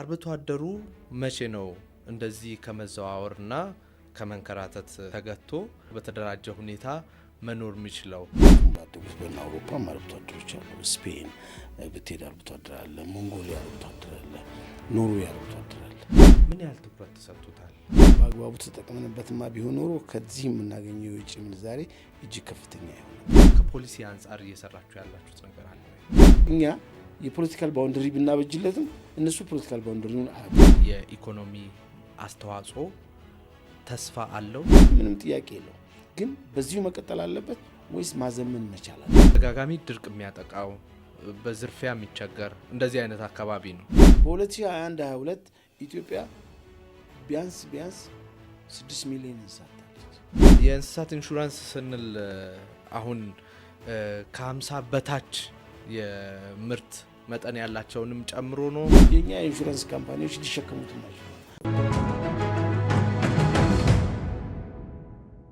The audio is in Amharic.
አርብቶ አደሩ መቼ ነው እንደዚህ ከመዘዋወርና ከመንከራተት ተገቶ በተደራጀ ሁኔታ መኖር የሚችለው? አደጉት በና አውሮፓ አርብቶ አደሮች አሉ። ስፔን ብትሄድ አርብቶ አደር አለ። ሞንጎሊያ አርብቶ አደር አለ። ኖርዌይ አርብቶ አደር አለ። ምን ያህል ትኩረት ተሰጥቶታል? በአግባቡ ተጠቅመንበትማ ቢሆን ኖሮ ከዚህ የምናገኘው የውጭ ምንዛሬ እጅግ ከፍተኛ ይሆናል። ከፖሊሲ አንጻር እየሰራችሁ ያላችሁት ነገር አለ? እኛ የፖለቲካል ባውንድሪ ብናበጅለትም እነሱ ፖለቲካል ባውንደሪውን የኢኮኖሚ አስተዋጽኦ ተስፋ አለው፣ ምንም ጥያቄ የለው። ግን በዚሁ መቀጠል አለበት ወይስ ማዘመን መቻል አለ? ተደጋጋሚ ድርቅ የሚያጠቃው በዝርፊያ የሚቸገር እንደዚህ አይነት አካባቢ ነው። በ2021 22 ኢትዮጵያ ቢያንስ ቢያንስ 6 ሚሊዮን እንስሳት አለች። የእንስሳት ኢንሹራንስ ስንል አሁን ከ50 በታች የምርት መጠን ያላቸውንም ጨምሮ ነው። የኛ የኢንሹራንስ ካምፓኒዎች ሊሸከሙት ናቸው።